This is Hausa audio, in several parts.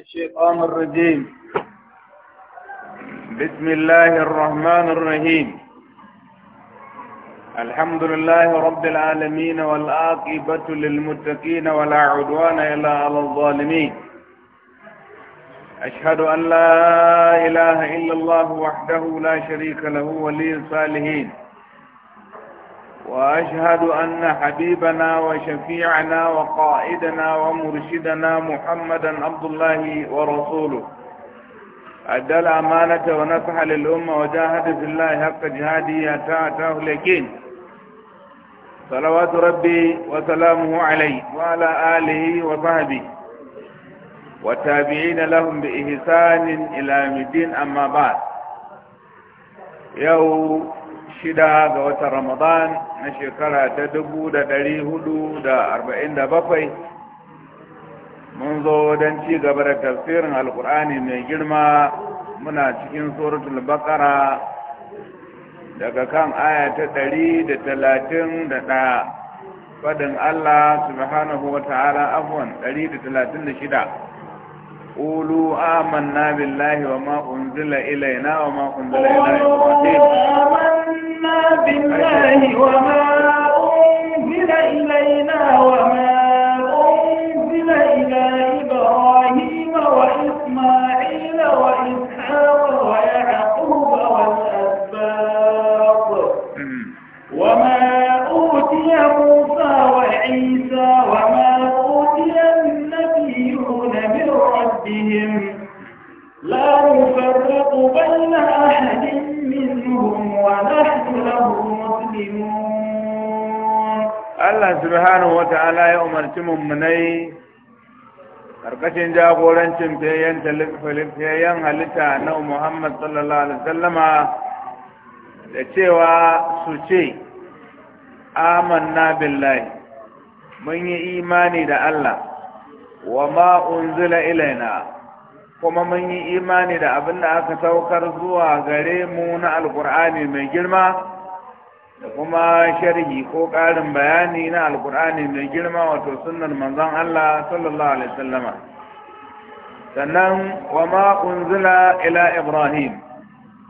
الشيطان الرجيم بسم الله الرحمن الرحيم الحمد لله رب العالمين والآقبة للمتقين ولا عدوان إلا على الظالمين أشهد أن لا إله إلا الله وحده لا شريك له ولي الصالحين وأشهد أن حبيبنا وشفيعنا وقائدنا ومرشدنا محمدا عبد الله ورسوله أدى الأمانة ونصح للأمة وجاهد في الله حق جهاده أتى أتاه اليقين صلوات ربي وسلامه عليه وعلى آله وصحبه والتابعين لهم بإحسان إلى مدين أما بعد يوم shida ga wata ramadan na shekara ta dubu da dari hudu da arba'in da bakwai mun zo don ci gaba da tafsirin alkur'ani mai girma muna cikin suratul bakara daga kan aya ta dari da talatin da ɗaya fadin allah subhanahu wa ta'ala abuwan dari da talatin da shida قولوا آمنا بالله وما أنزل إلينا وما أنزل إلى إبراهيم آمنا بالله وما أنزل إلينا وما أنزل إلى إبراهيم وإسماعيل وإسحاق ويعقوب والأسباط وما أوتي موسى وعيسى وما Allah subhanahu wa ta'ala ya umarci mummunai karkashin jagorancin yan halitta na Muhammad sallallahu alaihi wasallama da cewa su ce amanna billahi mun yi imani da Allah wa ma unzila ilaina kuma mun yi imani da abin da aka saukar zuwa gare mu na alkur'ani mai girma da kuma sharhi ko ƙarin bayani na alkur'ani mai girma wato sunnar manzon Allah sallallahu alaihi wasallama sannan wa ma unzila ila ibrahim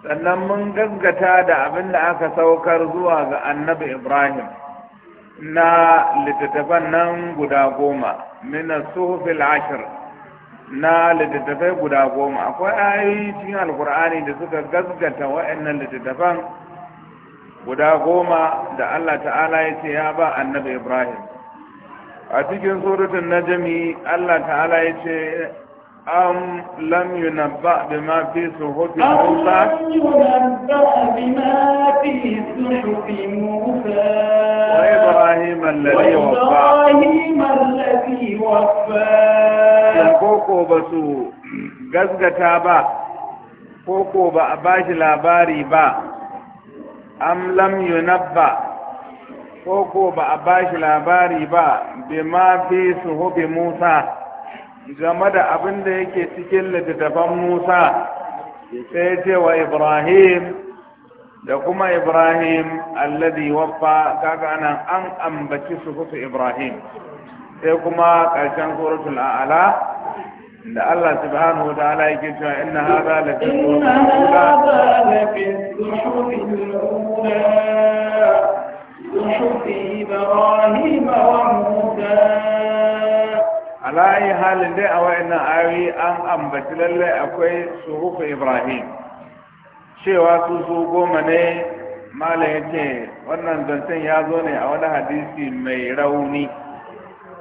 sannan mun gaggata da abin da aka saukar zuwa ga annabi ibrahim na littattafan nan guda goma min suhufil ashir na littattafai guda goma akwai ayoyi cikin alkur'ani da suka gaggata wa'annan littattafan guda goma da Allah ta'ala ya ce ya ba annabi Ibrahim a cikin suratun najami Allah ta'ala ya ce am lam yunabba bima fi suhufi Musa wa Ibrahim alladhi waffa koko su gasgata ba koko ba a bashi labari ba am lam yunabba ko ko ba a bashi labari ba bi ma fi suhubi Musa game da abin da yake cikin littattafan Musa sai ce wa Ibrahim da kuma Ibrahim alladhi waffa kaga anan an ambaci suhufi Ibrahim sai kuma ƙarshen suratul a'la da Allah subhanahu wa ta'ala yake cewa inna hadha la fi Alayi halin dai a wayannan ayoyi an ambaci lallai akwai surufu Ibrahim cewa su su goma ne malam ya ce wannan zancen ya zo ne a wani hadisi mai rauni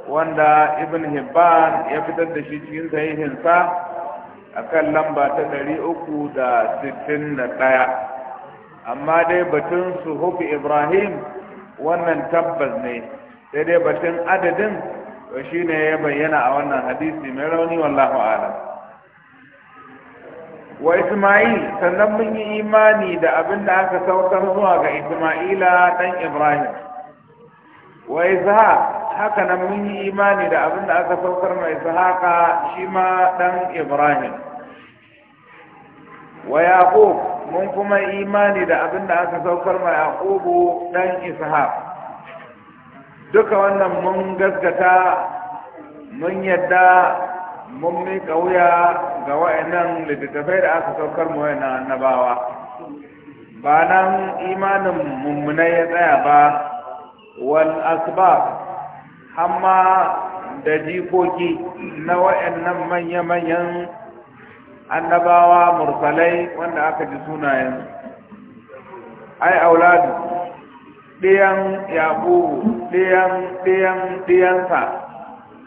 wanda ibn hibban ya fitar da shi cikin sahihinsa a kan lamba ta ɗari uku da sittin da ɗaya amma dai batun suhufi ibrahim wannan tabbas ne sai dai batun adadin shi ne ya bayyana a wannan hadisi mai rauni wallahu alam wa isma'il sannan mun yi imani da abin da aka saukar zuwa ga isma'ila ɗan ibrahim wa ishaq haka nan mun yi imani da abin da aka saukar mai sahaka shi ma ɗan ibrahim wa yaqub mun kuma imani da abin da aka saukar mai yaqubu ɗan ishaq duka wannan mun gaskata mun yadda mun miƙa wuya ga wa'annan littattafai da aka saukar mu wa'annan annabawa ba nan imanin mummunai ya tsaya ba wal asbab amma da jikoki na waɗannan manya-manyan annabawa mursalai wanda aka ji sunayen ai auladu ɗiyan yabu ɗiyan ɗiyan ɗiyansa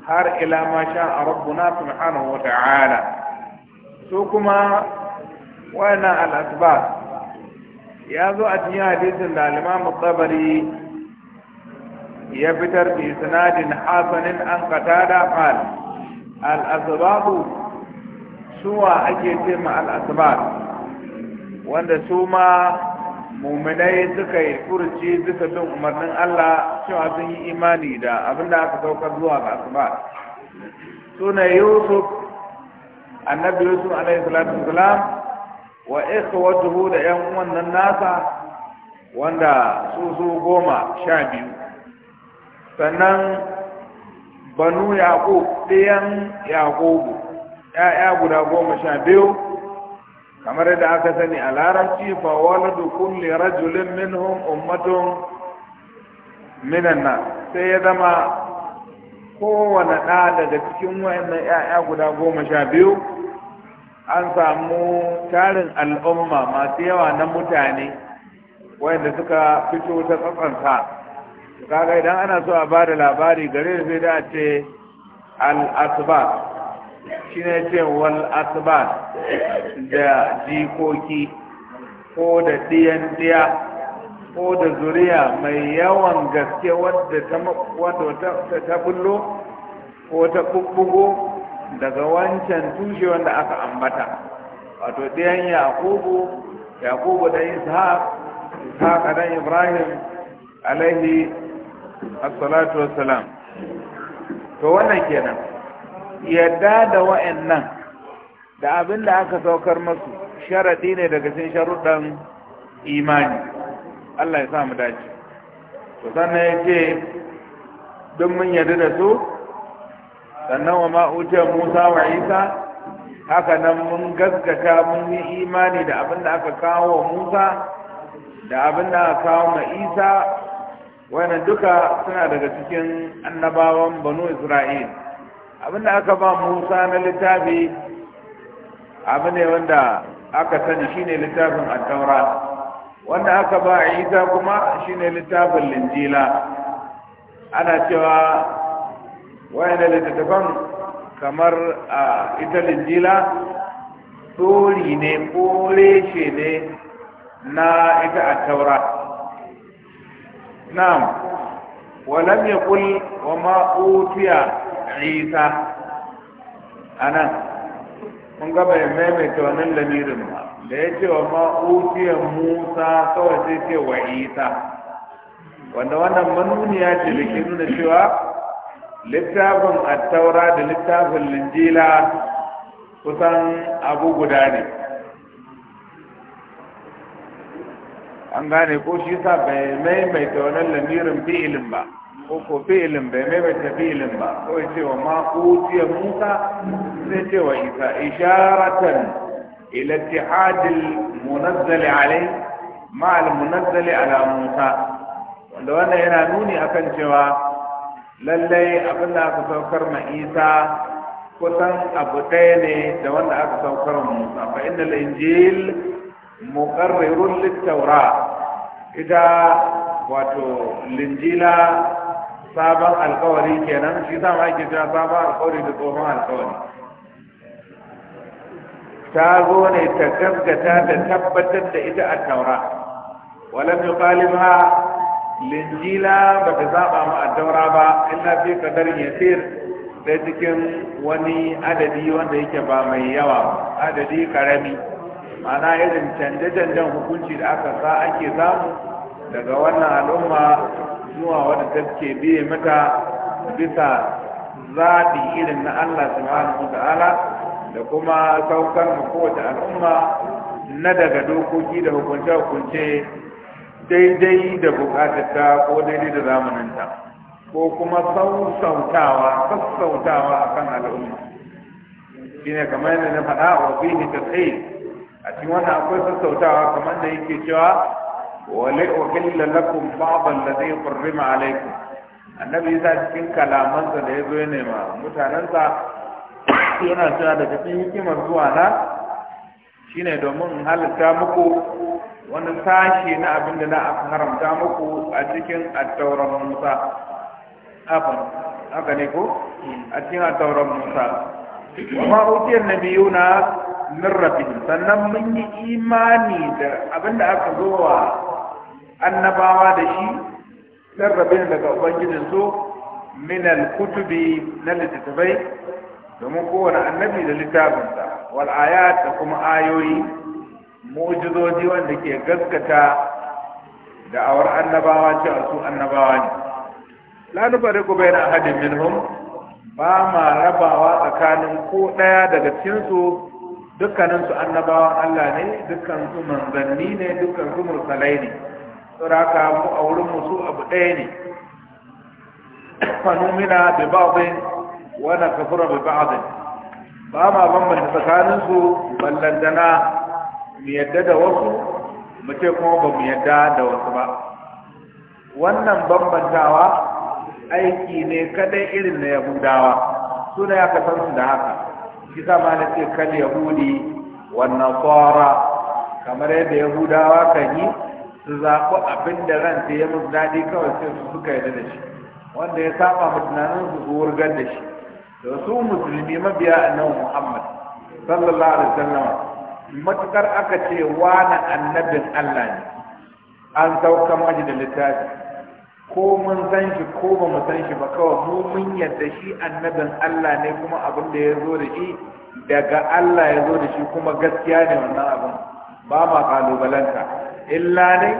har ila ma sha a rabbuna subhanahu wa ta'ala su kuma waɗannan al'asba ya zo a cikin hadisin da al-imam ya fitar bi sanadin hasanin an qatada qal al asbab suwa ake ce ma al asbab wanda su ma muminai suka yi furuci bisa bin umarnin Allah cewa sun yi imani da abinda aka dauka zuwa ga asbab suna yusuf annabi yusuf alaihi salatu wasalam wa ikhwatuhu da yan wannan nasa wanda su su goma sha biyu sannan banu yaƙo ɗayan yaƙubu ‘ya'ya guda goma sha biyu kamar da aka sani a larabci fa waladu kulli rajulin minhum ummatun minan sai ya zama kowane ɗa daga cikin wayannan ‘ya'ya guda goma sha biyu an samu tarin al'umma masu yawa na mutane wayanda suka fito ta tsatsanta kaga idan ana so a bada labari gare sai da ce al shi ne ce wal asba da jikoki ko da diyan diya ko da zuriya mai yawan gaske wadda ta bullo ko ta bubbugo daga wancan tushe wanda aka ambata wato diyan Yakubu, Yakubu da Isha, ta dan ibrahim alaihi assalatu wassalam to wannan kenan yadda da wa'annan da abin da aka saukar masu sharaɗi ne daga cikin sharuɗan imani Allah ya sa mu dace to sannan ya ce duk mun yarda da su sannan wa ma'uce Musa wa Isa haka nan mun gaskata mun yi imani da abin da aka kawo wa Musa da abin da aka kawo ma Isa wannan duka suna daga cikin annabawan banu isra'il abinda aka ba musa na littafi abu ne wanda aka sani shine littafin al-taura. wanda aka ba isa kuma shine littafin linjila ana cewa wani littattafan kamar ita linjila tori ne kore reshe ne na ita al-taura. na'am walam ya وما wa عيسى isa a nan ما يمت ya maimaita wannan ليس ba da ya ce wa musa kawai sai wa isa wanda wannan manuniya ce da ke nuna cewa littafin attaura da littafin linjila kusan abu guda ne an gane ko shi sa bai maimaita wannan lamirin fi'ilin ba ko ko fi'ilin bai maimaita fi'ilin ba ko ya ce wa ma utiya musa sai ce wa isa isharatan ila ittihadil munazzali alai ma munazzali ala musa wanda wannan yana nuni akan cewa lallai abin da aka saukar ma isa kusan abu ɗaya ne da wanda aka saukar musa fa inda injil muqarrirun littaura ita wato linjila sabon alkawari kenan shi sa ma yake cewa sabon alkawari da tsohon alkawari ta zo ne ta gaskata da tabbatar da ita a taura walam yuqalibha linjila ba ta zaɓa ma a taura ba illa fi qadarin yasir sai cikin wani adadi wanda yake ba mai yawa adadi karami mana irin canje-canjen hukunci da aka sa ake samu daga wannan al'umma zuwa wadda ke biye mata bisa zaɓi irin na Allah subhanahu ta'ala da kuma saukar ma kowace al'umma na daga dokoki da hukunce-hukunce daidai da bukatarta ko daidai da zamaninta ko kuma sassautawa sassautawa akan al'umma shine kamar yadda na faɗa wa fihi tasir a cikin wannan akwai sassautawa kamar da yake cewa wale wakilla lakum ba'd alladhi qurrima alaykum annabi sa cikin kalamansa da yazo ya nema mutanansa yana cewa daga cikin hikimar zuwa na shine domin halitta muku wani sashi na abin da na haramta muku a cikin at-tawrat Musa afan haka ne ko a cikin at-tawrat Musa wa ma min rabbihim sannan mun yi imani da abinda aka zo wa annabawa da shi min rabbihim daga ubangijin su min al-kutubi na littattafai domin kowane annabi da littafinsa wal ayat da kuma ayoyi mu'jizoji wanda ke gaskata da awar annabawa a su annabawa ne la ku bayna ahadin minhum ba ma rabawa tsakanin ko ɗaya daga cikinsu dukkaninsu annabawan Allah ne dukkansu manzanni ne dukkansu mursalai ne saboda mu a wurin musu abu ɗaya ne fanumina bi ba'dhi wa nakfuru bi ba'dhi ba ma bambanta tsakaninsu ballandana mu yadda da wasu mu ce kuma ba mu yadda da wasu ba wannan bambantawa aiki ne kadai irin na yahudawa suna ya kasance da haka shi sama na ce kan yahudi wannan fara kamar yadda yahudawa kan yi su zaɓi abin da ran ta yi musu daɗi kawai sai su suka yi da shi wanda ya saba mu tunanin su su wurgar da shi da su musulmi mabiya annabi muhammad sallallahu alaihi wasallam matukar aka ce wani annabin allah ne an sauka maji da littafi ko mun san shi ko ba mu san shi ba kawai mu mun yarda shi annabin Allah ne kuma abin da ya zo da shi daga Allah ya zo da shi kuma gaskiya ne wannan abin ba ma kalubalanta illa ne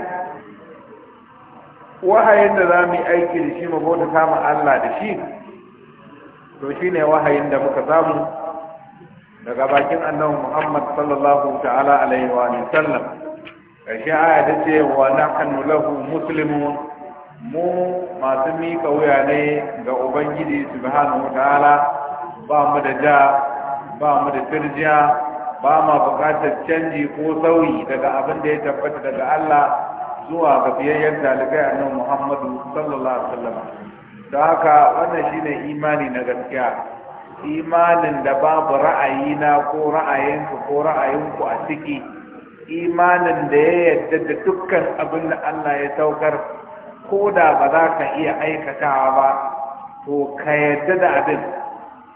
wahayin da za mu yi aiki da shi mu bauta kama Allah da shi to shi ne wahayin da muka zamu? daga bakin annabi Muhammad sallallahu ta'ala alaihi wa sallam karshe aya ce wa nahnu lahu muslimun mu masu mika wuya ne ga ubangiji subhanahu ta'ala ba mu da ja ba mu da turjiya ba ma bukatar canji ko sauyi daga abin da ya tabbata daga Allah zuwa ga biyayyar dalibai annabi Muhammadu sallallahu alaihi wasallam da haka wannan shine imani na gaskiya imanin da babu ra'ayi na ko ra'ayinka ko ra'ayinku a ciki imanin da ya yarda da dukkan abin da Allah ya saukar ko da ba za ka iya aikatawa ba to ka yadda da abin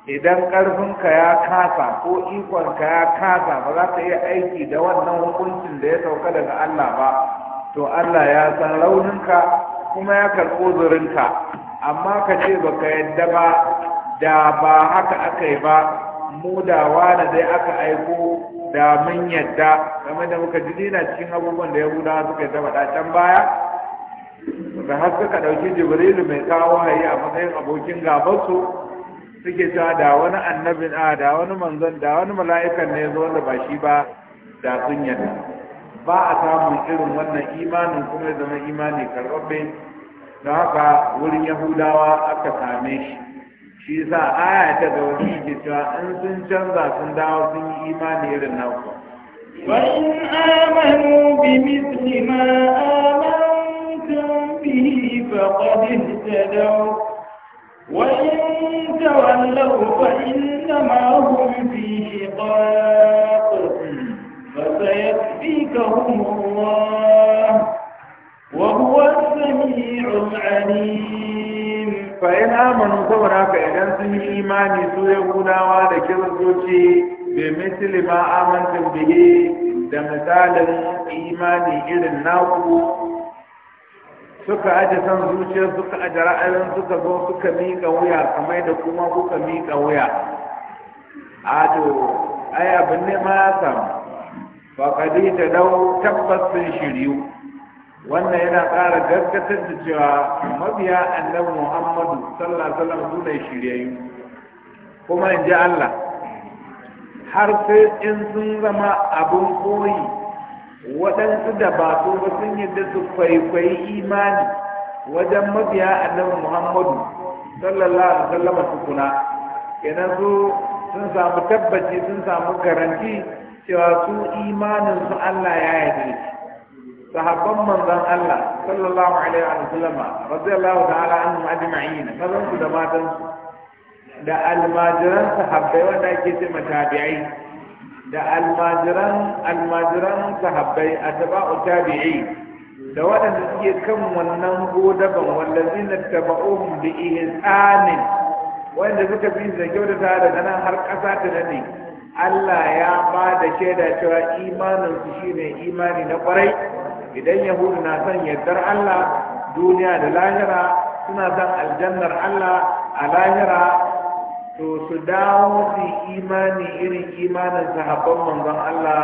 idan ƙarfinka ya kasa ko ikonka ya kasa ba za ka iya aiki da wannan hukuncin da ya sauka daga Allah ba to Allah ya san rauninka kuma ya karɓo zurinka, amma ka ce ba ka yadda ba da ba haka aka yi ba mu da wani dai aka aiko da mun yadda game da muka ji cikin abubuwan da gudana suka yi ta can baya da har suka ɗauki jibrilu mai kawo wahayi a matsayin abokin gabansu suke cewa da wani annabin a da wani manzon da wani mala'ikan ne zo da ba shi ba da sun yadda ba a samun irin wannan imanin kuma zama imani karɓaɓɓe da haka wurin yahudawa aka same shi shi sa aya ta ga wani ke cewa in sun canza sun dawo sun yi imani irin naku وإن آمنوا بمثل ما آمنوا تمسكتم به فقد اهتدوا وإن تولوا فإنما هم في شقاق فسيكفيكهم الله وهو السميع العليم فإن آمنوا صبرا فإذا سمي إيماني سوء هداوا لكرسوشي بمثل ما آمنتم به da misalin imani irin naku suka aje san zuciyar suka aje ra'ayin suka zo suka miƙa wuya kamar da kuma kuka miƙa wuya a to ai abin ne ma ya samu ta dau tabbas sun shiryu wannan yana ƙara gaskatar da cewa mabiya annabi muhammadu sallallahu alaihi wasallam su ne shiryayyu kuma in ji allah har sai in sun zama abin koyi waɗansu da ba su ba sun yadda su kwaikwayi imani wajen mabiya annabi muhammadu sallallahu alaihi wasallam su kuna kenan su sun samu tabbaci sun samu garanti cewa su imanin su Allah ya yi sahabban manzon Allah sallallahu alaihi wasallam radiyallahu ta'ala anhum ajma'in mazan su da matan da almajiran sahabbai wanda ake ce matabi'ai da almajiran almajiran sahabbai atba'u tabi'i da waɗanda suke kan wannan godaban wallazina taba'uhum bi ihsanin wanda suka fi da kyautata da nan har ƙasa ta dade Allah ya ba da shaida cewa imanin su shine imani na kwarai idan yahudu na son yardar Allah duniya da lahira suna son aljannar Allah a lahira to su dawo su imani irin imanin sahabban manzon Allah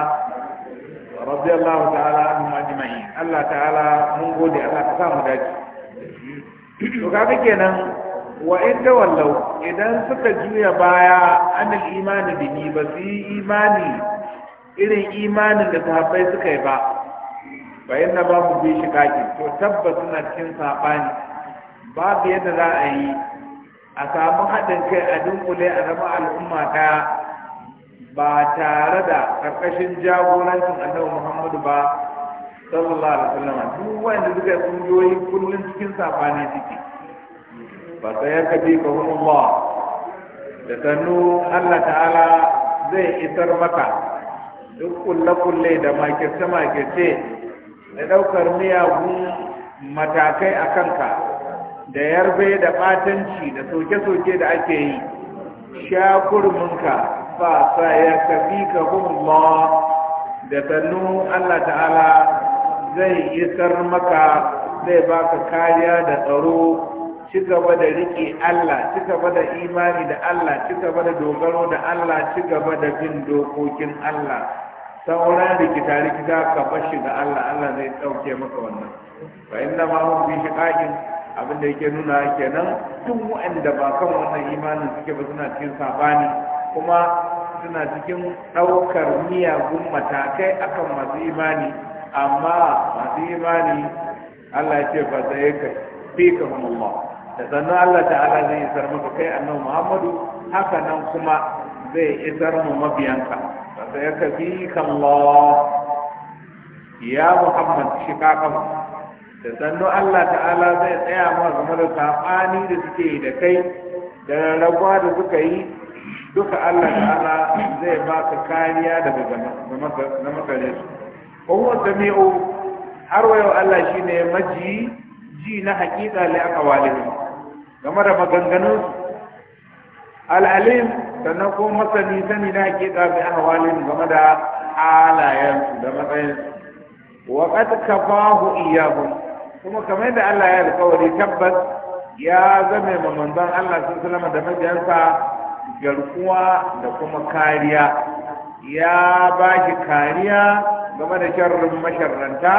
radiyallahu ta'ala anhu ajma'in Allah ta'ala mun gode Allah ka samu dace to kaga kenan wa in tawallau idan suka juya baya anil imani bihi ba su yi imani irin imanin da sahabbai suka yi ba Ba inna ba mu bi shi kaki to tabbas suna cikin sabani babu yadda za a yi a samu haɗin kai a dunkule a zama al'umma ɗaya ba tare da ƙarƙashin jagorancin annabi muhammadu ba sallallahu alaihi wasallam duk wanda suka yoyi kullum cikin safani suke ba sai ya kabi ka Allah da sannu Allah ta'ala zai isar maka duk kulle-kulle da makirce-makirce da ɗaukar miyagun matakai a kanka da yarbe da batanci da soke-soke da ake yi shakurminka fa sa ya kafi ka kuma da sannu Allah ta'ala zai isar maka zai baka kariya da tsaro cigaba da riƙe Allah cigaba da imani da Allah ci da dogaro da Allah cigaba da bin dokokin Allah sauran rikita rikita ka fashi ga Allah Allah zai ɗauke maka wannan fa inna ma hu bi shiqaqin abin da yake nuna kenan duk wa'anda ba kan wannan imanin suke ba suna cikin sabani kuma suna cikin ɗaukar miyagun matakai akan masu imani amma masu imani Allah ya ce ba sai ka fi ka Allah da sannan Allah ta'ala zai isar maka kai annabi Muhammadu haka nan kuma zai isar mu mabiyanka ba sai ka fi ka Allah ya Muhammad shi ka da sannu Allah ta'ala zai tsaya ma game da saɓani da suke da kai da rarrabuwa da suka yi duka Allah ta'ala zai ba ka kariya daga na makare su ko huwa sami'u har wayo Allah ne maji ji na hakika aka aqwalihim game da maganganun su al'alim sannan ko masani sani na hakika bi ahwalihim game da halayensu da matsayinsu wa qad kafahu iyyahum kuma kamar yadda Allah ya alƙawari tabbas ya zame ma manzon Allah sallallahu alaihi da mabiyansa garkuwa da kuma kariya ya ba shi kariya game da sharrin masharranta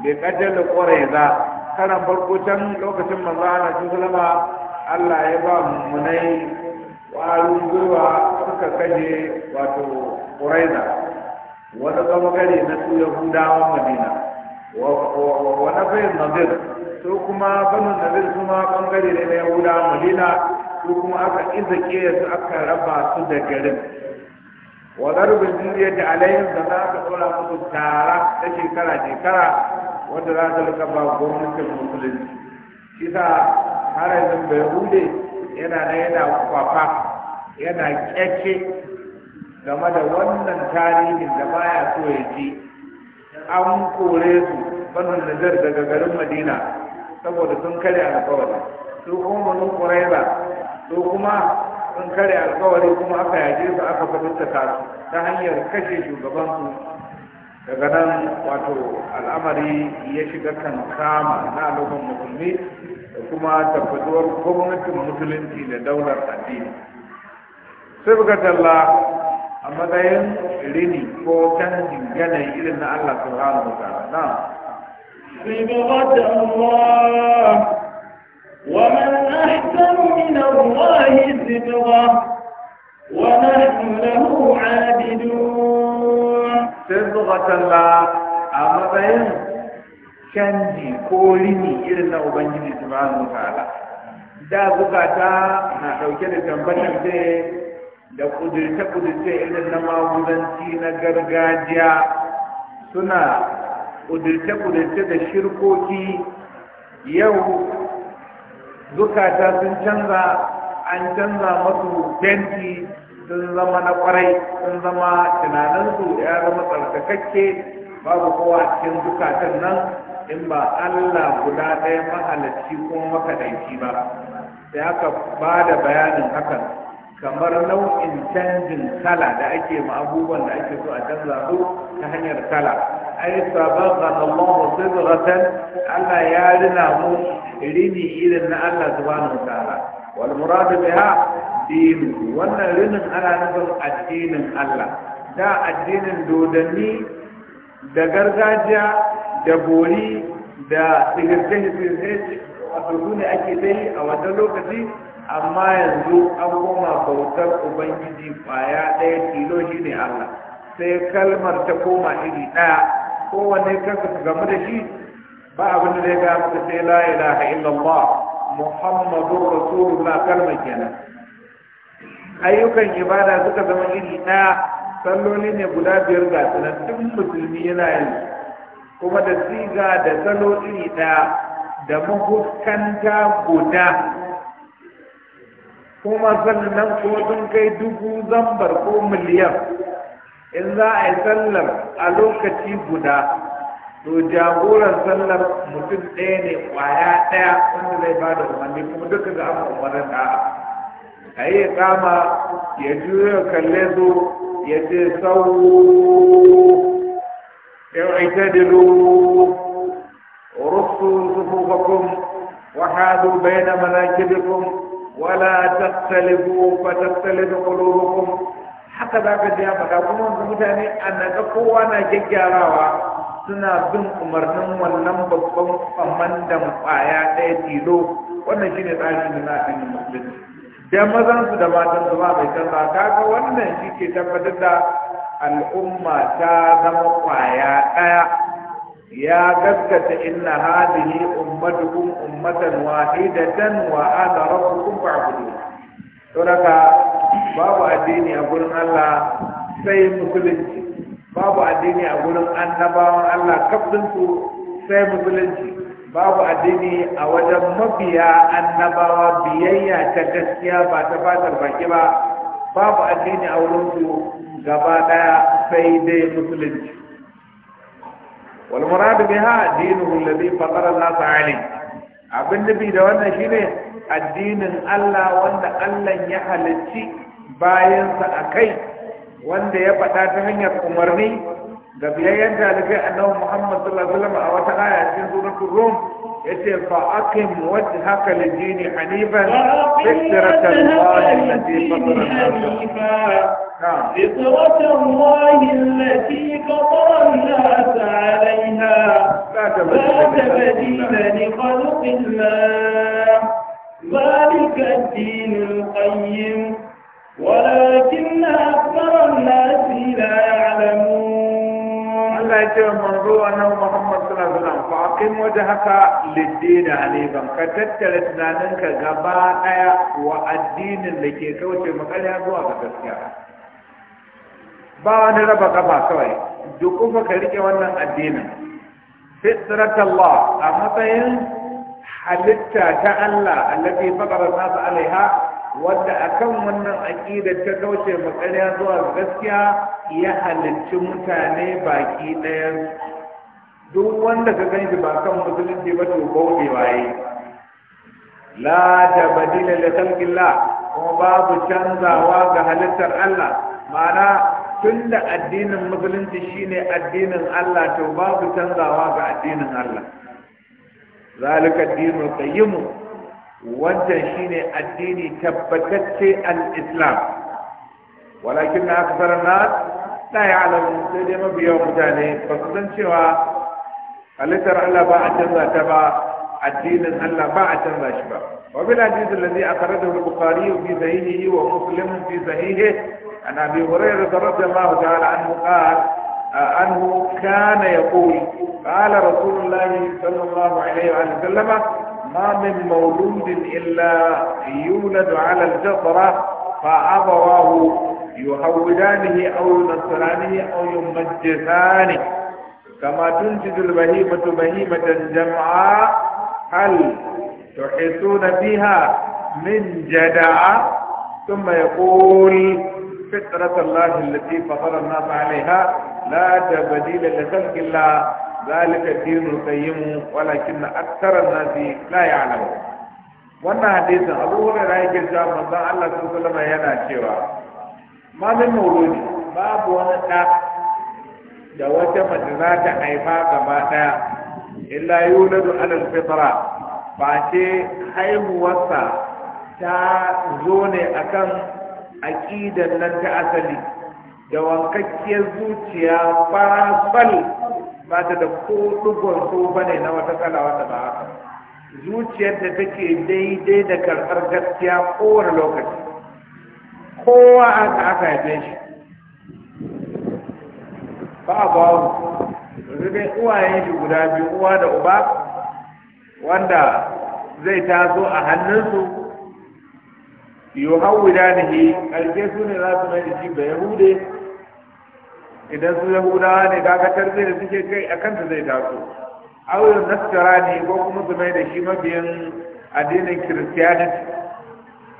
bai kaddala ƙwaraiza karan farko can lokacin manzo Allah sallallahu alaihi Allah ya ba munai ƙwarin gwiwa suka kashe wato ƙuraiza wani gama gari na su yahudawan madina wa nafirin nazir su kuma banu nazir su ma bangare ne na yahuda madina su kuma aka izake su aka raba su da garin wa zarbin jiriyar da alayin da za ka tsora musu tara ta shekara shekara wanda za ta rika ba gwamnatin musulunci shi sa har yanzu bai hude yana na yana kwafa yana kyakki game da wannan tarihin da baya so ya ji an kore su banu najar daga garin madina saboda sun kare alkawari su kuma banu kuraiba su kuma sun kare alkawari kuma aka yaje su aka fatattaka su ta hanyar kashe shugabansu daga nan wato al'amari ya shiga kan kama na al'ummar musulmi da kuma tabbatuwar gwamnatin musulunci da daular addini sai bukatar a matsayin rini ko canjin yanayi irin na Allah subhanahu wa ta'ala na صبغة الله ومن أحسن من الله صبغة ونحن له عابدون صبغة الله أما بين canji ko rini irin na Ubangiji subhanahu wa ta'ala da bukata na ɗauke da tambatar da da kudurce-kudurce irin na magudanci na gargajiya suna kudurce-kudurce da shirkoki yau zukata sun canza an canza masu fenti sun zama na kwarai sun zama tunaninsu ya zama tsarkakakke babu kowa cikin zukatan nan in ba allah guda ɗaya mahalarci kuma makaɗaici ba sai aka ba da bayanin hakan kamar nau'in canjin kala da ake ma abubuwan da ake so a canza su ta hanyar kala ai sabaqana Allahu sidratan Allah ya rina mu rini irin na Allah subhanahu wa ta'ala wal murad biha dinu wannan rinin ana nufin addinin Allah da addinin dodanni da gargajiya da bori da tsirrai tsirrai a ne ake dai a wannan lokaci amma yanzu an koma bautar ubangiji kwaya ɗaya tilo shi ne allah sai kalmar ta koma iri ɗaya kowane kansa su gamu da shi ba abin da zai ga maka sai la ilaha illallah muhammadur rasulullah kalmar kenan ayyukan ibada suka zama iri ɗaya salloli ne guda biyar ga sanar duk musulmi yana yanzu kuma da siga da salo iri ɗaya da mahuskanta guda kuma sannan ko sun kai dubu zambar ko miliyan in za a yi sallar a lokaci guda to jagoran sallar mutum ɗaya ne ƙwaya ɗaya wanda zai ba da umarni kuma duka za a umarnin da a yi kama ya juya kalle zo ya ce sau rufu wala tattalibu fa tattalibu haka za ka ji ya faɗa kuma mutane a naga kowa na gyaggyarawa suna bin umarnin wannan babban kwamandan kwaya ɗaya tilo wannan shine tsarin da na addinin musulunci da mazan su da matan su ba bai canza kaga wannan shi ke tabbatar da al'umma ta zama kwaya ɗaya ya gaskata inna hadhihi ummatukum ummatan wahidatan wa ana rabbukum fa'budu to daga babu addini a gurin Allah sai musulunci babu addini a gurin annabawan Allah kafin su sai musulunci babu addini a wajen mafiya annabawa biyayya ta gaskiya ba ta fatar baki ba babu addini a wurin su gaba daya sai dai musulunci walmuradu muradu biha dinuhu alladhi fatara an-nasa alayhi abin nabi da wannan shine addinin Allah wanda Allah ya halicci bayansa akai wanda ya faɗa ta hanyar umarni ga biyayyen dalibai annabi Muhammad sallallahu alaihi wasallam a wata aya cikin suratul Rum اتل فأقم وجهك للدين حنيفا فكرة الله التي فطر الناس نعم. فطرة الله التي فطر الناس عليها لا تبدين لخلق الله ذلك الدين القيم ولكن أكثر الناس لا يعلمون Allah ya ce wa manzo annabi Muhammad suna alaihi wasallam fa aqim wajhaka lid-din ka tattara tunaninka gaba daya wa addinin da ke kauce makarya zuwa ga gaskiya ba wani raba gaba kawai duk kuma ka rike wannan addinin fitratallah a matsayin halitta ta Allah allazi faqara nas alaiha wadda akan wannan aƙidar ta kauce makarya zuwa gaskiya ya halarci mutane baki ɗaya duk wanda ka gani ba kan musulunci ba to bauɗe waye la da badila da khalqillah kuma babu canzawa ga halittar Allah ma'ana tunda addinin musulunci shine addinin Allah to babu canzawa ga addinin Allah zalika dinu qayyimu wancan shine addini tabbatacce al-islam walakin na aksarar nas la ya'lamu sai dai mabiyan mutane ba su san cewa halittar Allah ba a canza ta ba addinin Allah ba a canza shi ba wa bil hadith alladhi akhrajahu al-bukhari fi sahihihi wa muslim fi sahihihi an abi hurairah radhiyallahu ta'ala an qala أنه كان يقول قال رسول الله صلى الله عليه وآله وسلم ما من مولود إلا يولد على الجبرة فأبواه يهودانه أو ينصرانه أو يمجسانه كما تنجد البهيمة بهيمة جمعاء هل تحسون بها من جدع ثم يقول فطرة الله التي فطر الناس عليها لا تبديل لخلق الله zalika dinul qayyim walakin aktharan nasi la ya'lamu wannan hadisin Abu Hurairah yake cewa manzon Allah sallallahu alaihi yana cewa ma min babu wani da da wata mace za ta haifa gaba daya illa yuladu alal fitra ba ce haihuwarsa ta zo ne akan aqidan nan ta asali da wankakkiyar zuciya farasal ba ta da ko ɗugon so ba ne na wata kala wata ba haka zuciyar da take daidai da karɓar gaskiya kowane lokaci kowa aka aka haife shi ba a ba rubin uwayen shi guda biyu uwa da uba wanda zai taso a hannunsu yau hau da su ne za su mai da shi ba yahude idan su yahudawa ne kaga tarbe da suke kai a kanta zai taso auyin nasara ne ko kuma su mai da shi mabiyan addinin christianity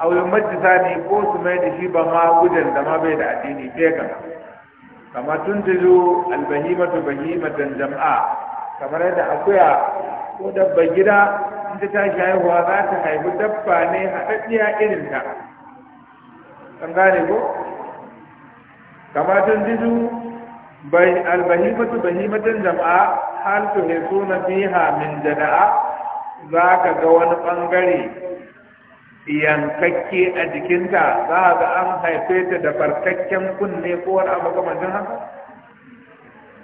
auyin majisa ne ko su mai da shi ba ma gudan da ma bai da addini pagan kama tun tilo albahimatu bahimatan jam'a kamar yadda akuya ko dabba gida in ta tashi haihuwa za ta haihu dabba ne haɗaɗɗiya irin ta kan gane ko kama tun tilo bai albahimatu bahimatan jama'a hal to ne suna biha min jada'a za ka ga wani bangare yankakke a jikinta za ga an haife ta da farkakken kunne ko wani abu kamancin haka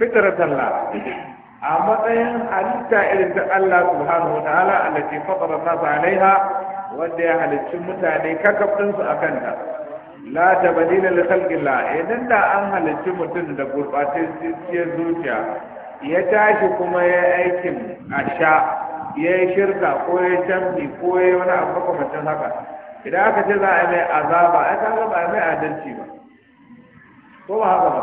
fitar talla a matsayin halitta irin ta Allah subhanahu wa ta'ala allati fatara nas alaiha wanda ya halicci mutane kakafin su ta la ta badila li la idan da an halarci mutum da siyar zuciya ya tashi kuma ya aikin asha ya yi shirka ko ya canfi ko ya yi wani abu makamacin haka idan aka ce za a yi mai azaba ai ka ba mai adalci ba ko ba haka ba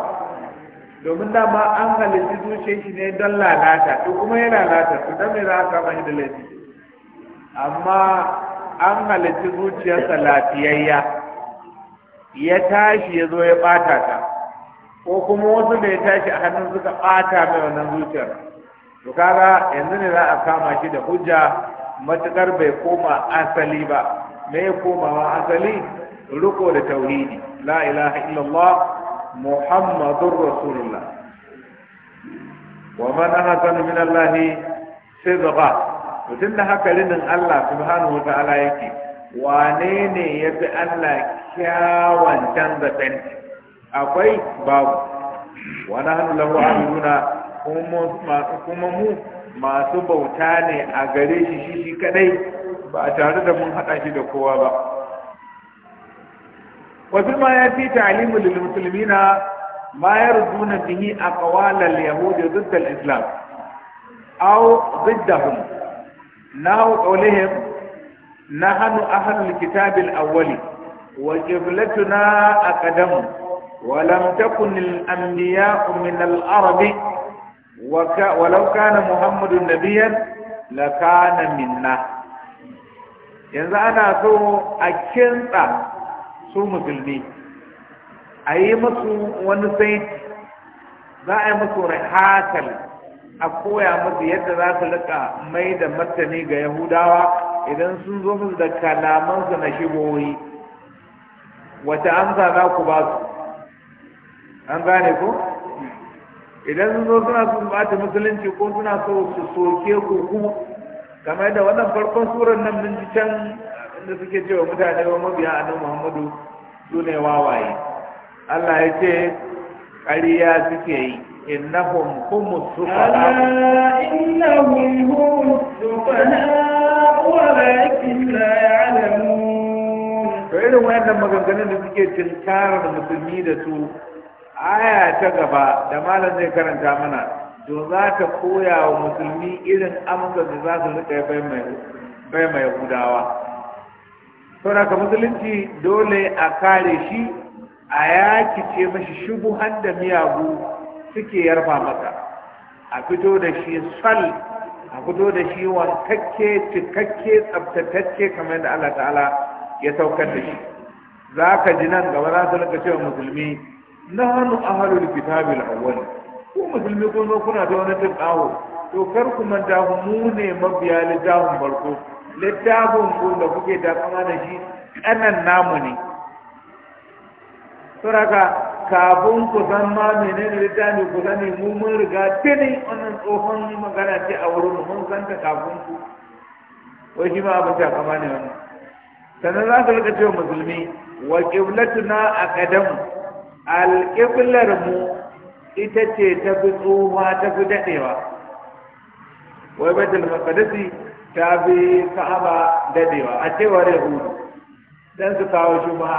domin da ma an halitta zuciyar shi ne don lalata to kuma yana lalata to don me za a kama shi da laifi amma an halitta zuciyarsa lafiyayya ya tashi ya zo ya ɓata ta ko kuma wasu da ya tashi a hannun suka ɓata mai wannan zuciyar to kaga yanzu ne za a kama shi da hujja matukar bai koma asali ba me komawa asali riko da tauhidi la ilaha illallah muhammadur rasulullah wa man ahsanu min allahi sidqa to tunda haka rinin Allah subhanahu wa ta'ala yake wane ne ya fi Allah kyawan canza fenti akwai babu wani hannu lahu nuna kuma mu masu bauta ne a gare shi shi shi kadai ba tare da mun haɗa shi da kowa ba wasu ma ya fi ta'alimu lil musulmina ma yarduna bihi aqwala al yahud ضد al islam aw ضدهم nahu qawlihim نحن أهل الكتاب الأول وقبلتنا أقدم ولم تكن الأنبياء من العرب وك ولو كان محمد نبيا لكان منا yanzu ana so a kinsa su musulmi a yi musu wani saiti za a yi musu rahatal a koya musu yadda za su rika mai da martani ga yahudawa idan sun zo musu da kalamansu na shigohi wata amsa za ku ba su an gane ko idan sun zo suna sun bata musulunci ko suna so su soke ku ku kamar da wannan farkon surar nan mun ji can da suke cewa mutane wa mabiya annabi Muhammadu su ne wawaye Allah ya ce ƙarya suke yi innahum humus sufana innahum humus sufana ولكن لا يعلمون فإذا وين maganganun da suke tinkarar musulmi da su aya ta gaba da malam zai karanta mana do za ta koya wa musulmi irin amsar da za su rika bai mai gudawa saboda musulunci dole a kare shi a yaki ce mashi shubuhan da miyagu suke yarfa maka a fito da shi fal. a fito da shi wankakke cikakke tsabtatacce kamar da Allah ta'ala ya saukar da shi za ka ji nan gaba za su rika cewa musulmi na hannu a halin kitabil awwal Ko musulmi ko zo kuna da wani tunƙawo to kar ku manta mu ne mabiya littafin barko littafin ku da kuke da kama da shi kanan namu ne saboda kafin ku san ma ne, ritani ku sani mu mun riga tini wannan tsohon magana ce a wurin mun san ta kafin ku wai shi ma abin ta kama ne wannan sannan za ka rika cewa musulmi wa qiblatuna a al alƙiblar mu ita ce ta fi tsoma, ta fi daɗewa. wai bai baitul maqdisi ta fi sahaba daɗewa. a cewar yahudu dan su kawo shi ma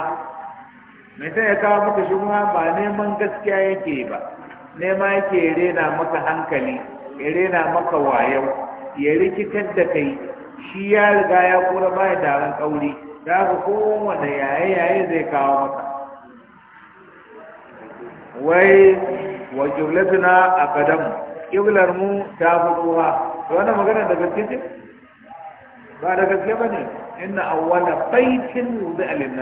mai sai ya kawo maka shugaba ba neman gaskiya yake ba nema yake rena maka hankali ya rena maka wayau ya rikitar da kai shi ya riga ya kura ya daren kauri da haka kowane yaye yaye zai kawo maka wai wa jumlatuna a kadan kiblar mu ta fitowa to wani magana da gaske ce ba da gaske ba ne inna awwala baitin wuzi lin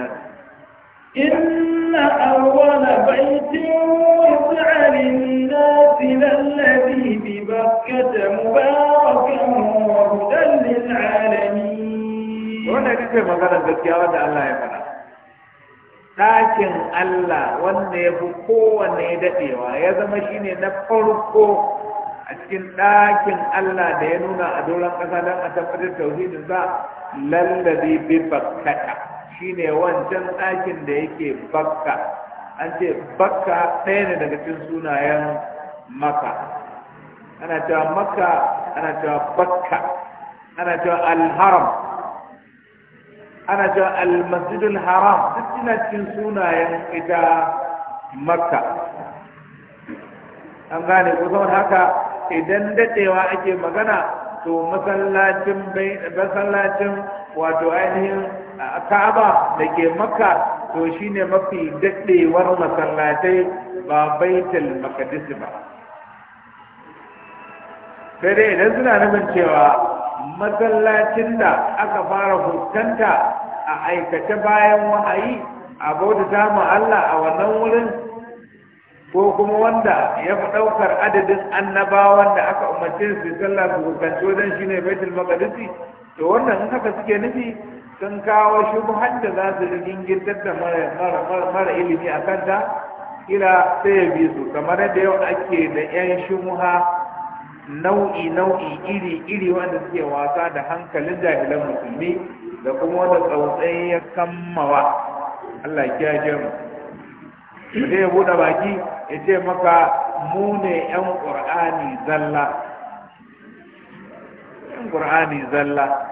إن أول بيت وضع للناس للذي ببكة مباركا وهدى للعالمين وانا كيف مغانا ذكي أود الله يفعل ɗakin Allah wanda ya fi kowanne daɗewa ya zama ne na farko a cikin ɗakin Allah da ya nuna a doron ƙasa don a tabbatar lallabi shine wancan ɗakin da yake bakka an ce bakka ɗaya ne daga cikin sunayen maka ana cewa maka ana cewa bakka ana cewa alharam ana cewa almasjidul haram duk suna cikin sunayen ita makka an gane kusan haka idan daɗewa ake magana to masallacin wato ainihin ka'aba da ke maka to shine mafi daɗewar masallatai ba baitul maqdis ba sai dai idan suna nufin cewa masallacin da aka fara hukanta a aikace bayan wahayi a bauta samun Allah a wannan wurin ko kuma wanda ya fi ɗaukar adadin annabawan da aka umarce su sallah su hukanci wajen shine baitul maqdis to wannan in haka suke nufi sun kawo shubhar da za su rigingirtar da mara ilimi a kanta kira sai ya bi su kamar da yau ake da 'yan shubha nau'i nau'i iri iri wanda suke wasa da hankalin jahilan musulmi da kuma wanda tsautsayi ya kammawa Allah ya ji mu da ya bude baki ya ce maka mu ne 'yan ƙur'ani zalla 'yan ƙur'ani zalla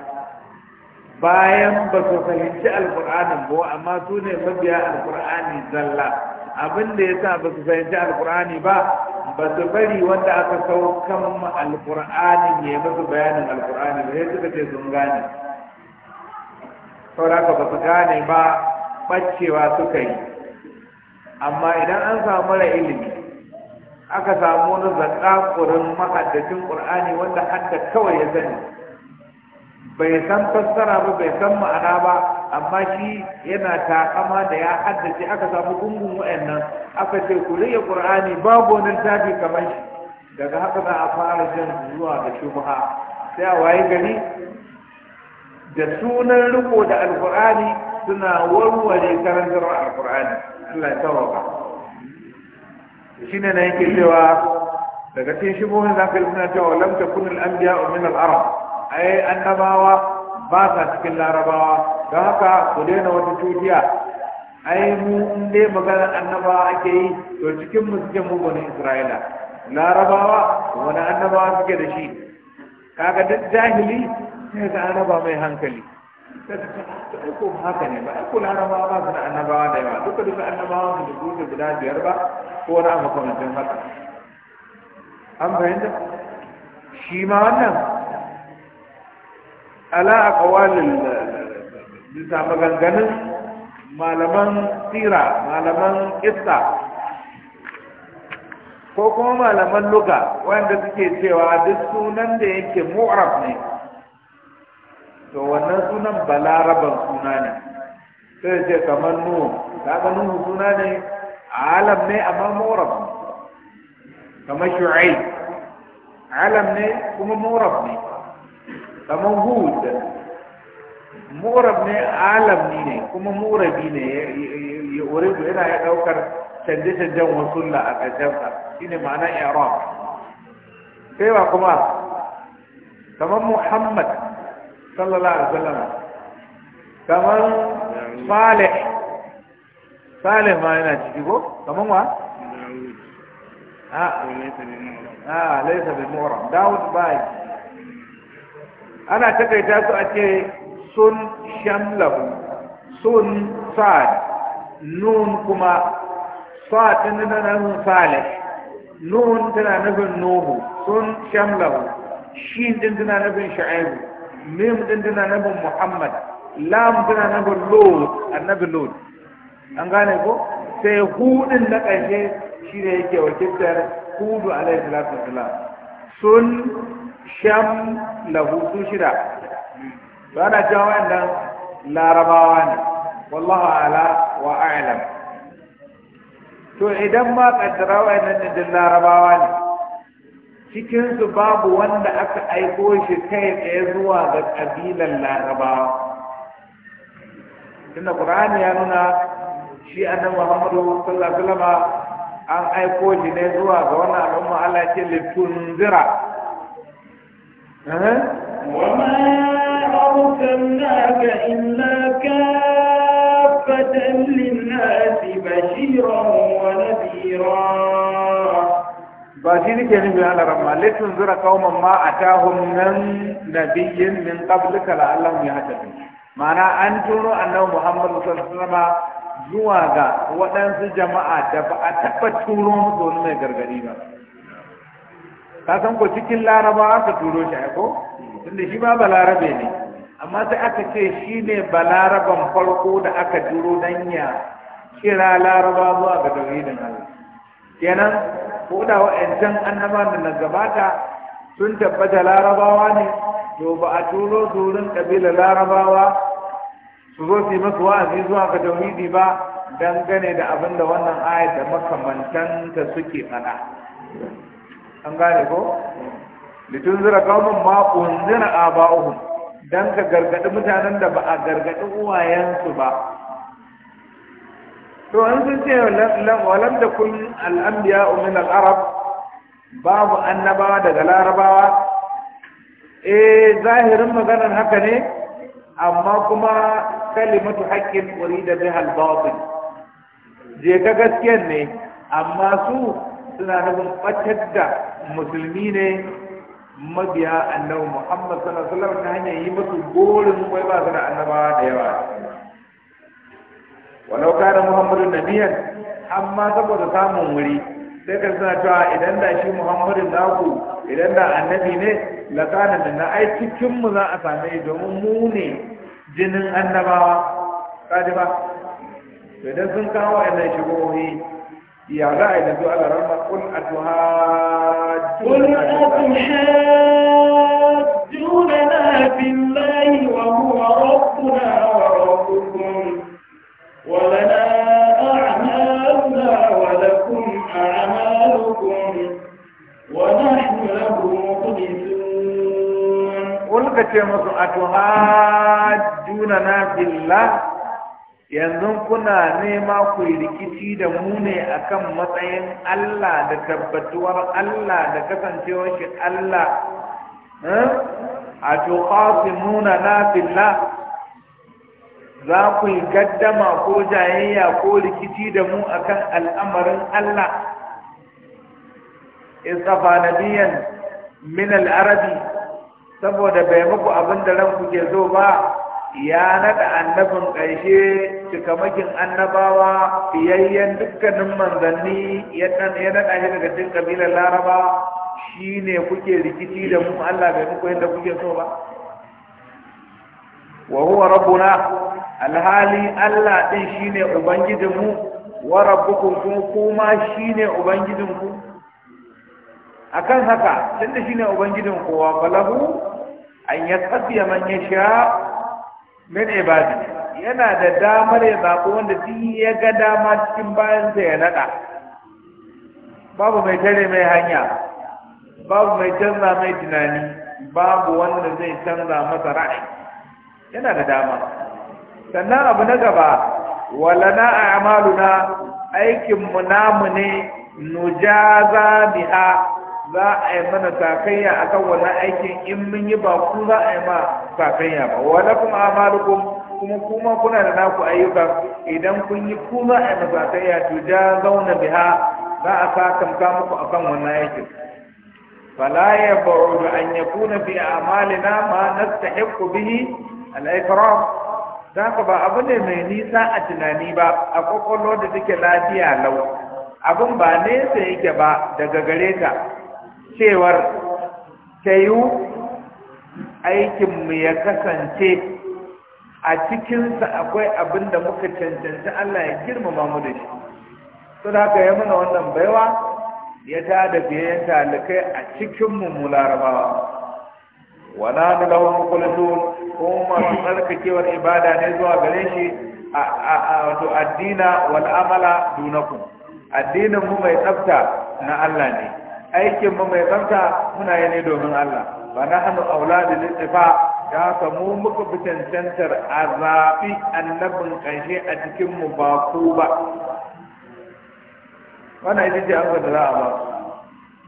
bayan ba su fahimci alkur'anin ba amma su ne mabiya alkur'ani zalla abin da ya sa ba su fahimci alkur'ani ba ba su bari wanda aka kan alkur'ani ne musu bayanin alkur'ani ba sai suka ce sun gane sauraka ba su gane ba ɓacewa suka yi amma idan an samu mara ilimi aka samu wani zakakurin mahaddacin ƙur'ani wanda hadda kawai ya sani bai san fassara ba bai san ma'ana ba amma shi yana takama da ya haddace aka samu gungun wa'annan aka ce ku rike qur'ani babu wani tafi kamar shi daga haka za a fara jan zuwa da shubha sai a waye gari da sunan riko da alqur'ani suna warware karantar alqur'ani Allah ya tawaka shine ne yake cewa daga cikin shubuhin zaka yi suna cewa lam takun al-anbiya'u min al-arab ai annabawa ba sa cikin larabawa don haka ku daina wata cutiya. ai mu in dai magana annabawa ake yi to cikin mu suke mu bani isra'ila larabawa wani annabawa suke da shi kaga duk jahili sai ga annaba mai hankali sai ko haka ne ba ko larabawa ba su da annabawa da yawa duka duka annabawa su da gudu guda biyar ba ko na makamancin haka an fahimta shi ma wannan ala aqwalin bisa maganganun malaman tira malaman kissa ko kuma malaman luga wanda suke cewa duk sunan da yake mu'arab ne to wannan sunan balaraban suna ne sai ce kamar nuhu kaga nuhu suna ne alam ne amma mu'rab kamar shu'ai alam ne kuma mu'arab ne موجود مغرب نے عالم نہیں ہے کم مغرب ہی نہیں ہے یہ اوری جو ہے نا ہے او کر سندے سے جو وصول لا اکا جو کر اعراب سیوا کما کما محمد صلى الله عليه وسلم کما صالح صالح معنی نتیجی بو کما ما آه. آه ليس بمعرم داود بايكي ana takaita su a ce sun shamlahu sun sa'ad nun kuma sad tana nan salih nun tana nufin nuhu sun shamlahu shi din tana nufin sha'ibu mim din tana nufin muhammad lam tana nufin lod annabi lod an gane ko sai hudin na ƙarshe shi ne yake wakiltar hudu alaihi salatu wasalam sun sham lahu su shida to ana cewa wayannan larabawa ne wallahu ala wa a'lam to idan ma kaddara wayannan ne da larabawa ne cikin su babu wanda aka aiko shi kai tsaye zuwa ga kabilan larabawa tunda qur'ani ya nuna shi annabi muhammadu sallallahu alaihi wasallam an aiko shi ne zuwa ga wannan al'umma Allah ya ce وما أرسلناك إلا كافة للناس بشيرا ونذيرا ba shi nake nufi ala rama litin zura kauman ma a tahun nan nabiyyin min qablika la ya hada ma'ana an turo annabi Muhammad sallallahu alaihi wasallam zuwa ga waɗansu jama'a da ba a taba turo musu wani mai gargadi ba ka san ko cikin laraba aka turo shi ko tunda shi ba balarabe ne amma sai aka ce shi ne balaraban farko da aka turo dan ya kira laraba zuwa ga tauhidin Allah kenan ko da wa'ancan annabawan da na gabata sun tabbata larabawa ne to ba a turo turin kabilar larabawa su zo su yi masu wa'azi zuwa ga tauhidi ba dangane da abinda wannan ayat da makamantan suke faɗa an gane ko litun zira kaunin ma a aba'uhum don ka gargadi mutanen da ba a gargaɗi uwayensu ba to an sun ce walam da kun al'ambiya min al'arab babu annabawa daga larabawa eh zahirin maganar haka ne amma kuma kalimatu haƙƙin zai bihal batil je ka gaskiyar ne amma su suna nufin ɓatar da musulmi ne mabiya annabi muhammad sallallahu alaihi wasallam ta hanyar yi musu gorin wai ba su da annabawa da yawa walau kana muhammadu nabiyan amma saboda samun wuri sai ka suna cewa idan da shi muhammadu naku idan da annabi ne la da na ai cikin mu za a same domin mu ne jinin annabawa kaji ba idan sun kawo wa'annan shigohi يا رأي لدو على رمى قل أتهاجون قل أتهاجوننا في الله وهو ربنا وربكم ولنا أعمالنا ولكم أعمالكم ونحن له مخلصون قل كتير مصر أتهاجوننا في الله yanzu kuna nema ku rikici da mu ne akan matsayin Allah da tabbatuwar Allah da kasancewar shi Allah eh? a tuqasimuna na fillah za ku yi gaddama ko jayayya ko rikici da mu akan al'amarin Allah istafa nabiyan min al-arabi saboda bai muku abin da ranku ke zo ba ya naɗa annabin ƙarshe cikamakin annabawa fiyayyen dukkanin manzanni ya naɗa shi daga cikin ƙabilar laraba shi ne kuke rikici da mu allah bai muku yadda kuke so ba wa huwa rabbuna alhali allah ɗin shi ne ubangijinmu wa rabbukum kuma kuma shi ne ubangijinku akan haka tunda shi ne ubangijin kowa balahu an ya man ya sha min ibadi yana da damar ya zaɓi wanda duk ya ga dama cikin bayansa ya naɗa babu mai tare mai hanya babu mai canza mai tunani babu wanda zai canza masa ra'ayi yana da dama sannan abu na gaba walana a amaluna aikinmu namu ne nujaza biha za a yi mana takayya kan wani aikin in mun yi ba ku za a yi ma takayya ba wa kuma amalukum kuma kuma kuna da naku ayyuka idan kun yi ku za a yi ma takayya to ja zauna biha za a sa tamka muku a kan wani aikin fala ya ba'udu an kuna fi a'malina ma nastahiqu bihi al-ikram zaka ba abu ne mai nisa a tunani ba a kwakwalwa da take lafiya lau abin ba nesa yake ba daga gare cewar ta yi aikinmu ya kasance a cikinsa akwai abin da muka cancanci Allah ya girmama mu da shi sun haka ya muna wannan baiwa ya ta da biyayen talikai a cikin mu larabawa wana da lawan ko kuma masu tsarkakewar ibada ne zuwa gare shi a wato addina wal amala dunakum addinin mu mai tsafta na Allah ne aikin mu mai tsanta muna yi ne domin Allah ba na hannu aula da littifa ya samu muka fi cancantar a zaɓi annabin ƙarshe a cikin mu ba ku ba wannan ita ce an da za a ba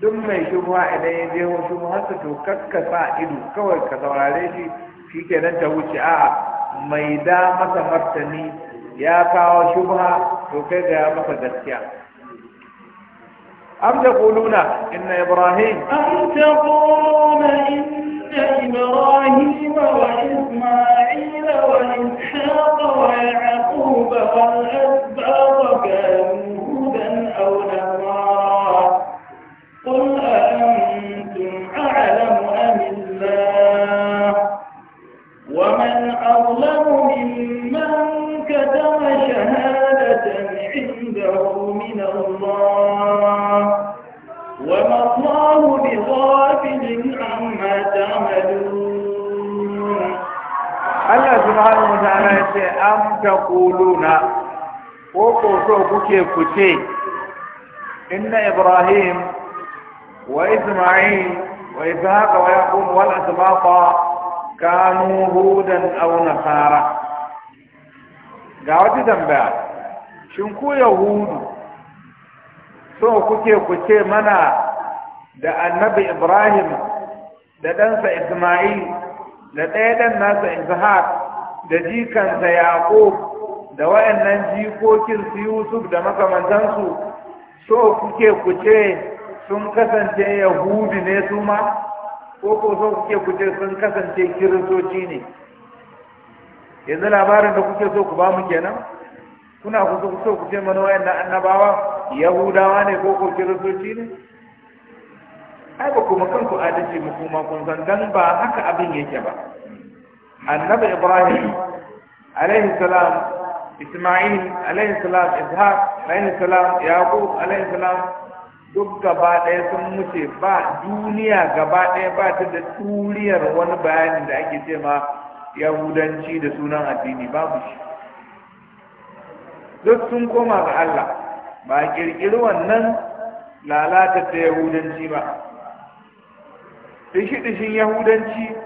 duk mai shubha idan ya je wasu hasa to kakkasa ido kawai ka saurare shi shi kenan ta wuce a'a mai da masa martani ya kawo shubha to kai ga masa gaskiya أم تقولون إن إبراهيم أم تقولون إن إبراهيم وإسماعيل وإسحاق ويعقوب والأسباب كانوا هودا أو نصارى قل أأنتم أعلم أم الله ومن أظلم ممن كتم شهادة ce am ta kuluna ko ko so kuke kuce inna ibrahim wa isma'il wa ishaqa wa yaqub wal asbaq kanu hudan aw nasara ga wata tambaya shin ku yahudu so kuke kuce mana da annabi ibrahim da ɗansa isma'il da ɗaya ɗan nasa ishaq da jikansa yaƙo da wayannan jikokin su yusuf da makamantansu so kuke kuce sun kasance yahudi ne su ma ko ko so kuke kuce sun kasance kiristoci ne yanzu labarin da kuke so ku ba mu kenan kuna ku so ku ce mana wayannan annabawa yahudawa ne ko ko kiristoci ne ai ba kuma kanku adalci mu kuma kun san dan ba haka abin yake ba annabi ibrahim isma'il alaihi ishaq alaihi salam yaqub duk gaba ɗaya sun wuce ba duniya gabaɗaya ɗaya ba ta da turiyar wani bayani da ake ce ma yahudanci da sunan addini babu shi duk sun koma ga Allah ba ƙirƙiri wannan lalata ta yahudanci ba dishi-dishin yahudanci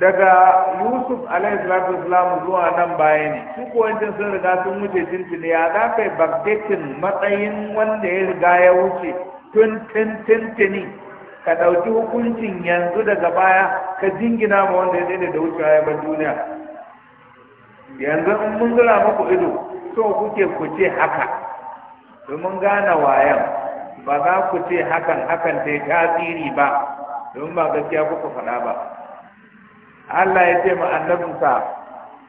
daga yusuf alaihissalam zuwa nan baya ne su wancan sun riga sun wuce tuntuni ya za kai bakdetin matsayin wanda ya riga ya wuce tun tuntuni ka ɗauki hukuncin yanzu daga baya ka jingina ma wanda ya daina da wucewa ya bar duniya yanzu in mun zura muku ido to kuke ku ce haka domin gane wayan ba za ku ce hakan hakan ta tasiri ba domin ba gaskiya kuka faɗa ba Allah ya ce ma annabinsa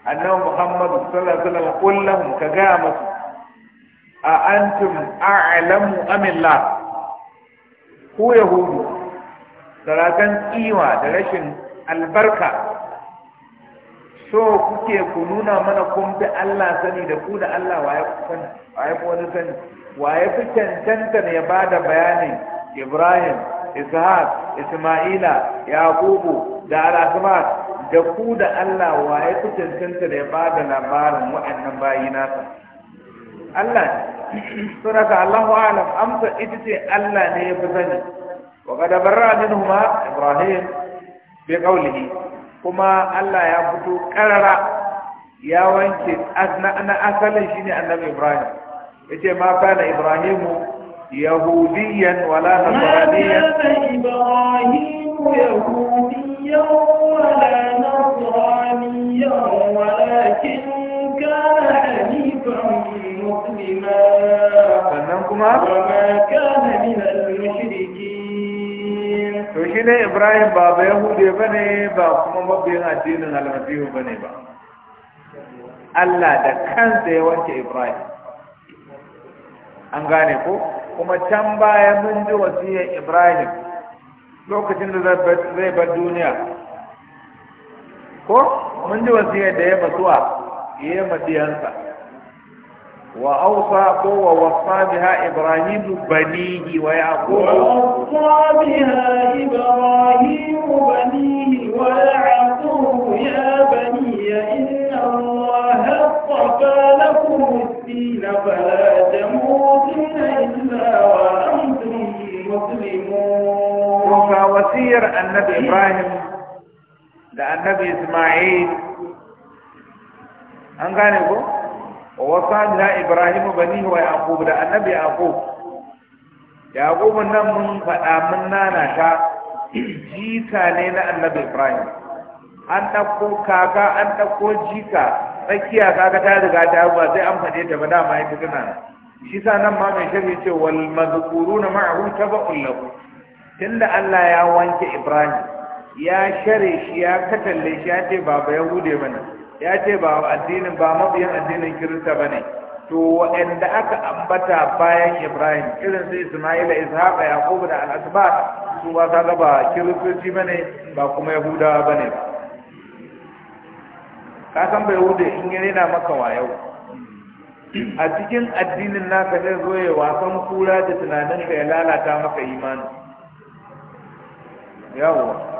annabi Muhammadu sallallahu alaihi wasallam kullum ka ga musu a antum a'lamu am Allah ku yahudu sarakan iwa da rashin albarka so kuke ku nuna mana kun fi Allah sani da ku da Allah waye waye wani sani waye fi cancanta ne ba da bayanin Ibrahim Ishaq Isma'ila Yaqubu da al da ku da Allah waye ku cancanta da ya ba da labarin waɗannan bayi nasa Allah suraka Allahu alam amsa ita ce Allah ne ya fi sani wa qad barra minhuma ibrahim bi qawlihi kuma Allah ya fito karara ya wanke na asalin shine annabi ibrahim yace ma kana ibrahimu yahudiyan wala nasraniyan ibrahim yahudiyan wala نبيا Kuma to shi ne Ibrahim ba ba Yahude ba ne ba kuma mabiyin addinin almasihu ba ne ba Allah da kansa ya wanke Ibrahim an gane ko kuma can baya mun ji wasiyar Ibrahim lokacin da zai bar duniya ko mun ji wasiya da ya masuwa ya madiyansa wa awsa ko wa wasa biha ibrahim banihi wa yaqub wa biha ibrahim banihi wa yaqub ya bani inna allaha astafa lakum ad-din fala tamutunna illa wa antum muslimun wa wasiyar annabi ibrahim da annabi Ismail an gane ko wa na Ibrahim bani wa Yaqub da annabi Yaqub Yaqub nan mun faɗa mun nana ta jika ne na annabi Ibrahim an ɗauko kaka an ɗauko jika tsakiya kaka ta riga ta ba sai an faɗe ta ba dama ita shi sa nan ma mai shafi ce wal mazkuruna ma'ahu tabu'un lahu tunda Allah ya wanke Ibrahim ya share shi ya katalle shi ya ce ba ba yahude bane ya ce ba addinin ba mabiyan addinin kirista bane to waɗanda aka ambata bayan ibrahim irin su isma'ila ishaqa yaqub da al-asbat su ba ga ba kiristoci bane ba kuma yahudawa bane ka san ba yahude in yana na maka wayo a cikin addinin naka zai zo ya wasan kura da tunanin ka ya lalata maka imani yawo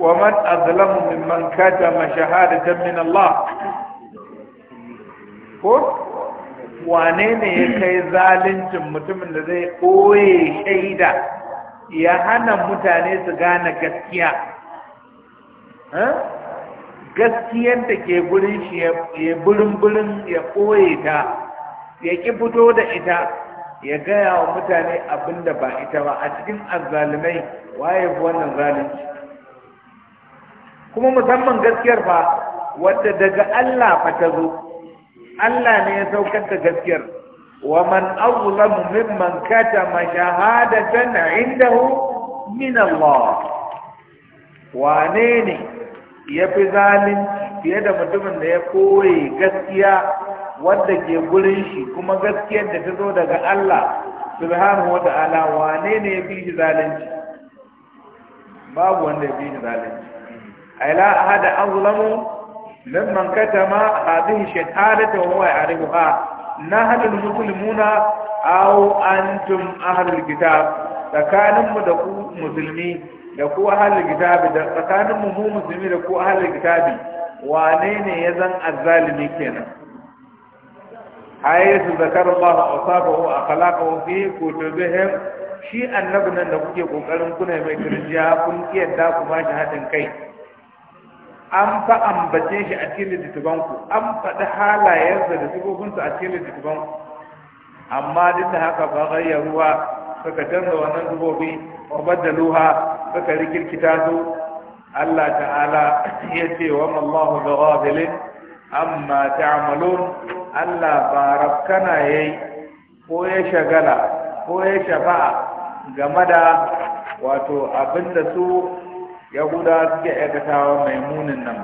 ومن أظلم ممن كتم شهادة من الله ko wane ya kai zalincin mutumin da zai ɓoye shaida ya hana mutane su gane gaskiya gaskiyar da ke gurin shi ya burin-burin ya ɓoye ta ya ƙi da ita ya gaya wa mutane abin da ba ita ba a cikin azzalumai waye wannan zalunci kuma musamman gaskiyar fa wadda daga Allah fa ta zo Allah ne ya saukar da gaskiyar wa man azlamu mimman katama shahadatan indahu min Allah wane ne ya fi zalunci fiye da mutumin da ya koye gaskiya wadda ke gurin shi kuma gaskiyar da ta zo daga Allah subhanahu wata'ala wane ne ya fi shi zalunci babu wanda ya fi shi zalunci أي لا أحد أظلم ممن كتم هذه الشهادة وهو يعرفها نحن المسلمون أو أنتم أهل الكتاب tsakaninmu da ku musulmi da ku ahalin kitabi da tsakaninmu mu musulmi da ku ahalin kitabi wane ne ya zan azzalimi kenan hayatu zakar Allah asabahu akhlaqahu fi kutubihim shi annabin nan da kuke kokarin kuna mai kirjiya kun kiyar da kuma shi hadin kai an fa ambace shi a cikin littattafan ku an faɗi halayensa da sifofinsa a cikin littattafan ku amma duk haka ba gayya ruwa suka canza wannan zubobi ko badaluha suka rikirkita su Allah ta'ala ya ce wa mallahu bi ghafilin amma ta'malun Allah ba rakkana yayi ko ya shagala ko ya shafa'a game da wato abinda su yahuda suke aikatawa mai munin nan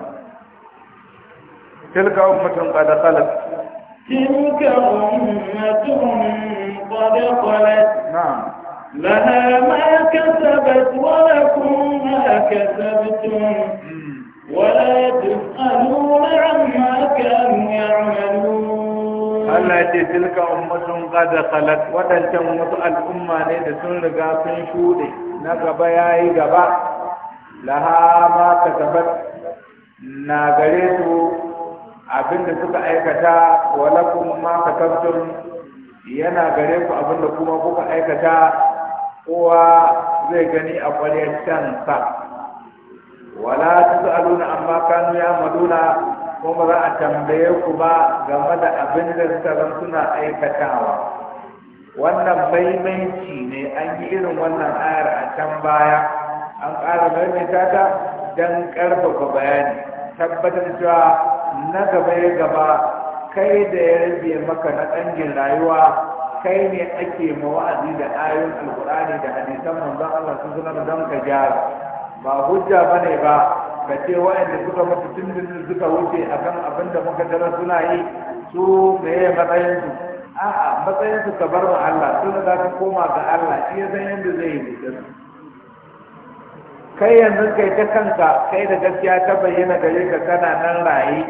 tilka ummatun qad khalat tilka ummatun qad khalat na'am laha ma kasabat wa lakum ma kasabtum ولا تسألون عما كانوا يعملون الله يجي تلك أمة قد خلت وتلك أمة الأمة ne da sun riga sun shuɗe na gaba yayi gaba laha ma kasabat na gare su abinda suka aikata wala kuma ma kasabtum yana gare ku abinda kuma kuka aikata kowa zai gani a ƙwaryar sa wala tusaluna amma kanu ya maduna kuma za a tambaye ku ba game da abin da suka zan suna aikatawa wannan maimaici ne an yi irin wannan ayar a can baya an ƙara maimaita ta don ƙarfafa bayani tabbatar cewa na gaba ya gaba kai da ya rabe maka na ɗangin rayuwa kai ne ake mawa'azi da ayoyin alkur'ani da hadisan manzon Allah sun zama don ka gyara ba hujja ba ne ba ka ce wa'anda suka mutu tun suka wuce akan abin da muka tara suna yi su meye matsayinsu a'a matsayinsu ka bar wa Allah sun za ka koma ga Allah shi ya yadda zai yi da su kai yanzu kai ta kanka kai da gaskiya ta bayyana gare ka kana nan raye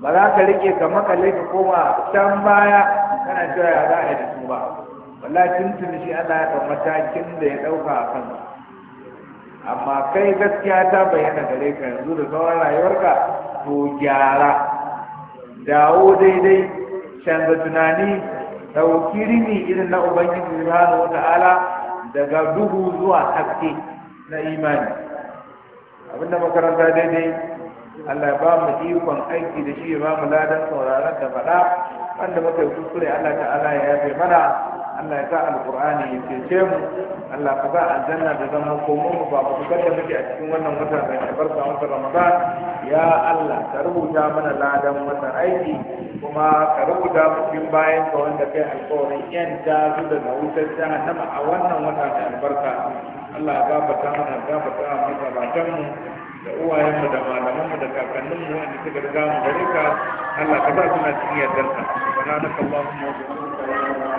ba za ka rike ka makale ka koma can baya kana cewa ya za a yi da su ba wallahi tuni shi Allah ya kan matakin da ya ɗauka a kan amma kai gaskiya ta bayyana gare ka yanzu da sauran rayuwarka to gyara dawo daidai canza tunani dauki rini irin na ubangiji subhanahu ta'ala daga duhu zuwa haske na imani abinda makaranta daidai Allah ya ba mu ikon aiki da shi ya ba mu ladan sauraron da faɗa wanda muka yi kuskure Allah ta'ala ya yafe mana Allah ya sa alƙur'ani ya cece mu Allah ka sa aljanna da zaman komo mu ba mu fitar muke a cikin wannan wata mai albarka wata Ramadan ya Allah ka rubuta mana ladan wata aiki kuma ka rubuta mu cikin bayan ka wanda kai alƙawarin yan ta su da wutar jahannama a wannan wata mai albarka Allah ya gabata mana gabata a magabatanmu da uwayenmu da malamanmu da kakanninmu wanda suka riga mu gare ka Allah ka ba suna cikin yardarka subhanaka allahumma wa bihamdika